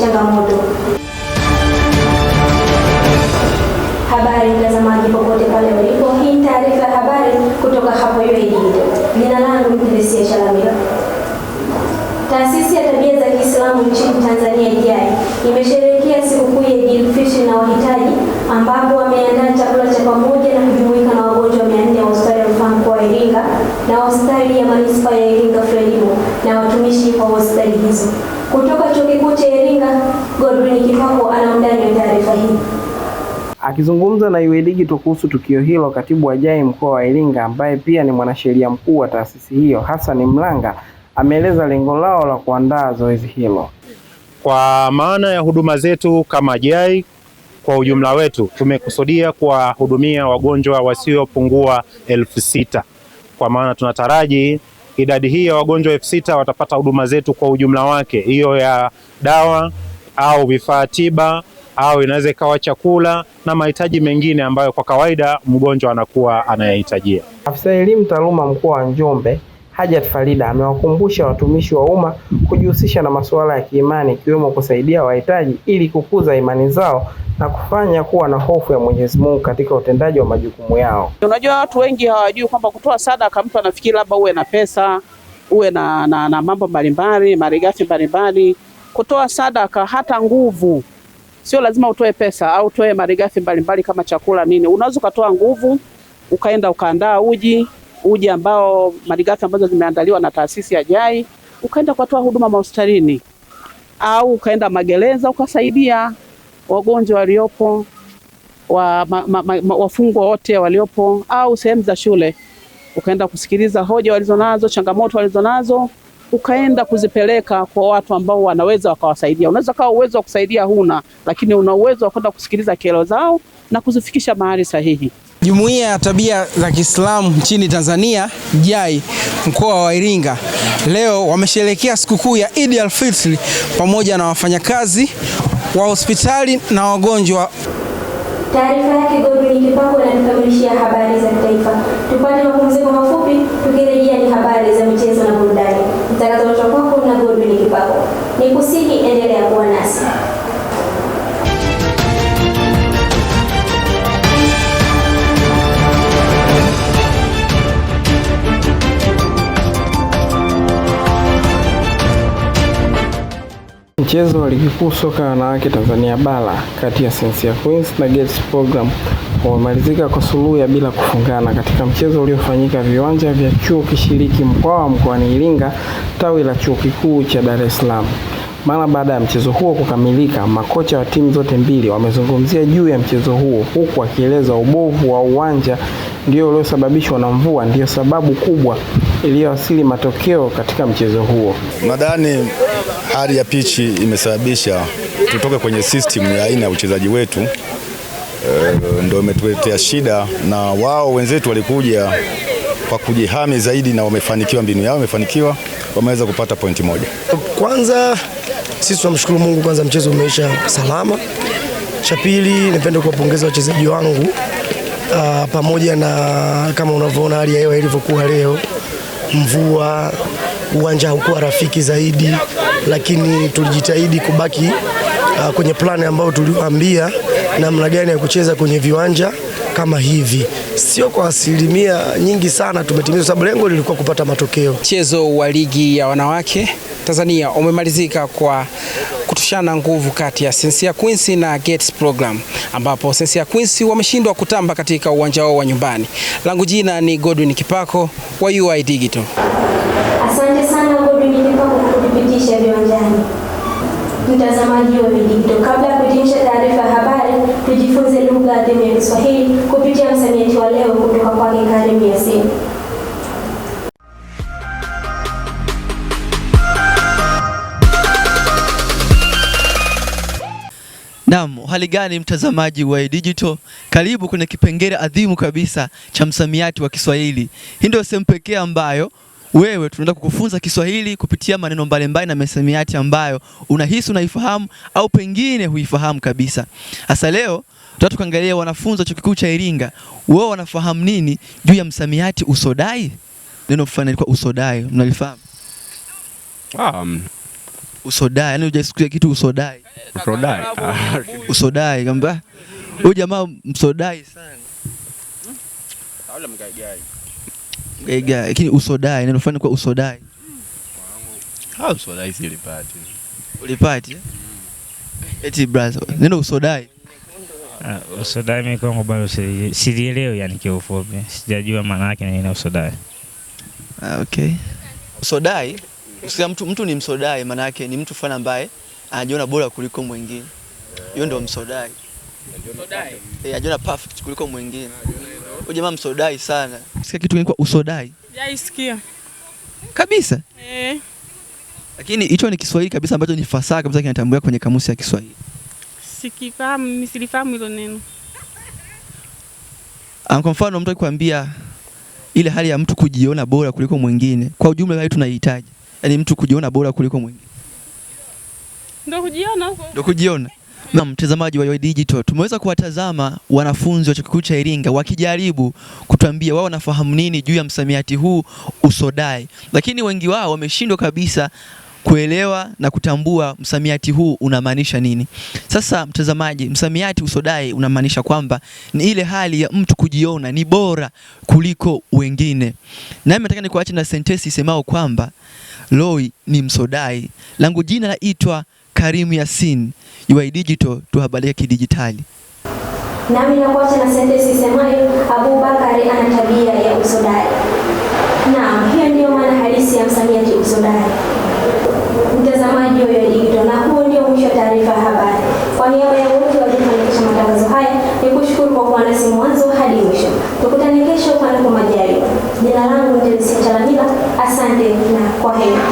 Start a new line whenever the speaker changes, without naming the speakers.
changamoto. Habari mtazamaji, popote pale ulipo, hii ni taarifa ya habari kutoka hapo UoI Digital. Jina langu ni Theresia Chalamila. Taasisi ya Tabia za Kiislamu nchini Tanzania TIAI imesherehekea sikukuu ya Idd el-Fitr na wahitaji ambapo wameandaa chakula cha pamoja na kujumuika na wagonjwa 400 wa hospitali ya rufaa mkoa wa Iringa na hospitali ya manispaa ya Iringa Frelimo na watumishi wa hospitali hizo kutoka Godwin taarifa hii.
Akizungumza na UoI Digital kuhusu tukio hilo, katibu wa JAI mkoa wa Iringa ambaye pia ni mwanasheria mkuu wa taasisi hiyo Hassan Mlanga ameeleza lengo lao la kuandaa zoezi hilo.
Kwa maana ya huduma zetu kama JAI kwa ujumla wetu, tumekusudia kuwahudumia wagonjwa wasiopungua elfu sita kwa maana tunataraji Idadi hii ya wagonjwa elfu sita watapata huduma zetu kwa ujumla wake, hiyo ya dawa au vifaa tiba au inaweza ikawa chakula na mahitaji mengine ambayo kwa kawaida mgonjwa anakuwa anayahitajia.
Afisa elimu taaluma mkoa wa Njombe Hajat Farida amewakumbusha watumishi wa umma kujihusisha na masuala ya kiimani ikiwemo kusaidia wahitaji ili kukuza imani zao na kufanya kuwa na hofu ya Mwenyezi Mungu katika utendaji wa majukumu yao.
Unajua, watu wengi hawajui kwamba kutoa sadaka, mtu anafikiri labda uwe na pesa uwe na, na, na mambo mbalimbali malighafi mbalimbali. Kutoa sadaka hata nguvu, sio lazima utoe pesa au utoe malighafi mbalimbali kama chakula nini, unaweza ukatoa nguvu ukaenda ukaandaa uji uji ambao malighafi ambazo zimeandaliwa na taasisi ya JAI, ukaenda kutoa huduma mahospitalini au ukaenda magereza ukasaidia wagonjwa waliopo wa, wafungwa wote waliopo, au sehemu za shule ukaenda kusikiliza hoja walizonazo, changamoto walizonazo, ukaenda kuzipeleka kwa watu ambao wanaweza wakawasaidia. Unaweza kawa uwezo wa kusaidia huna, lakini una uwezo wa kwenda kusikiliza kero zao na kuzifikisha mahali sahihi.
Jumuiya ya Tabia za Kiislamu nchini Tanzania JAI mkoa wa Iringa leo wamesherehekea sikukuu ya Eid al-Fitr pamoja na wafanyakazi wa hospitali na wagonjwa.
Taarifa yake Godwin Kipako anatukamilishia habari za kitaifa. Tupate mapumziko mafupi, tukirejea ni habari za mchana.
Mchezo wa ligi kuu soka ya wanawake Tanzania bara kati ya Singida Queens na Gates Program umemalizika kwa suluhu ya bila kufungana katika mchezo uliofanyika viwanja vya chuo kishiriki Mkwawa mkoani Iringa, tawi la chuo kikuu cha Dar es Salaam. Mara baada ya mchezo huo kukamilika, makocha wa timu zote mbili wamezungumzia juu ya mchezo huo, huku wakieleza ubovu wa uwanja ndio uliosababishwa na mvua, ndiyo sababu kubwa iliyoasili matokeo katika mchezo huo.
Nadhani hali ya pichi imesababisha tutoke kwenye system ya aina ya uchezaji wetu e, ndio imetuletea shida, na wao wenzetu walikuja kwa kujihami zaidi na wamefanikiwa, mbinu yao imefanikiwa, wameweza kupata pointi moja.
Kwanza sisi tunamshukuru Mungu, kwanza mchezo umeisha salama. Cha pili, nipende kuwapongeza wachezaji wangu Uh, pamoja na kama unavyoona hali ya hewa ilivyokuwa leo, mvua, uwanja haukuwa rafiki zaidi lakini tulijitahidi kubaki uh, kwenye plani ambayo tuliwaambia namna gani ya kucheza kwenye viwanja kama hivi. Sio kwa asilimia nyingi sana tumetimiza, sababu lengo lilikuwa kupata matokeo.
Mchezo wa ligi ya wanawake Tanzania umemalizika kwa kutushana nguvu kati ya Singida Queens na Gates Program, ambapo sensia Queens wameshindwa kutamba katika uwanja wao wa nyumbani. Langu jina ni Godwin Kipako wa UoI Digital
kupitisha viwanjani. Mtazamaji wa Vidigito, kabla ya kuhitimisha taarifa ya habari, tujifunze lugha adhimu ya Kiswahili kupitia msamiati wa leo kutoka kwake Karim Yasin.
Naam, hali gani mtazamaji wa Digital? Karibu kwenye kipengele adhimu kabisa cha msamiati wa Kiswahili. Hii ndio sehemu pekee ambayo wewe tunaenda kukufunza Kiswahili kupitia maneno mbalimbali na msamiati ambayo unahisi unaifahamu au pengine huifahamu kabisa. hasa leo tutataka tukaangalia wanafunzi wa Chuo Kikuu cha Iringa, wewe wanafahamu nini juu ya msamiati usodai? Neno fulani kwa usodai, mnalifahamu? Um, usodai, yani hujasikia kitu usodai. Usodai. Usodai kamba. Huyu jamaa msodai sana ega, lakini usodai neno fulani kwa usodai.
Ha, ah, usodai si ulipati.
Ulipati? Eh? Mm. Eti brother, neno usodai.
Uh, usodai mimi kwangu bado silielewi yani kiufupi. Sijajua maana yake ni neno usodai.
Ah, okay. Usodai, usikia mtu mtu ni msodai maana yake ni mtu fulani ambaye anajiona bora kuliko mwingine. Hiyo ndio msodai. Eh, anajiona perfect kuliko mwingine. Kwa jamaa msodai sana. Sikia kitu kinaitwa usodai. Sikia. Kabisa. Eh. Lakini hicho ni Kiswahili kabisa ambacho ni fasaha kabisa kinatambuliwa kwenye kamusi ya Kiswahili.
Sikifahamu, misilifahamu hilo neno.
Ah, kwa mfano mtu akikwambia ile hali ya mtu kujiona bora kuliko mwingine, kwa ujumla hali tunahitaji. yaani mtu kujiona bora kuliko mwingine.
Ndio kujiona huko.
Ndio kujiona. Na mtazamaji wa UoI Digital, tumeweza kuwatazama wanafunzi wa chuo kikuu cha Iringa wakijaribu kutuambia wao wanafahamu nini juu ya msamiati huu usodai, lakini wengi wao wameshindwa kabisa kuelewa na kutambua msamiati huu unamaanisha nini. Sasa mtazamaji, msamiati usodai unamaanisha kwamba ni ile hali ya mtu kujiona ni bora kuliko wengine, nami nataka nikuache na sentensi isemao kwamba loi ni msodai, langu jina laitwa Karimu Yasin, UoI Digital, tuhabarike kidijitali.
Nami nakuacha na sentensi isemayo Abubakari ana tabia ya usodai. Naam, hiyo ndiyo maana halisi ya msamiati usodai. Mtazamaji wa UoI Digital, na huo ndio mwisho wa taarifa ya habari. Kwa niaba ya wote waliofanikisha matangazo haya, ni kushukuru kwa kuwa nasi mwanzo hadi mwisho. Tukutane kesho, panapo majaliwa. Jina langu Teresia Chalamila, asante na kwa heri.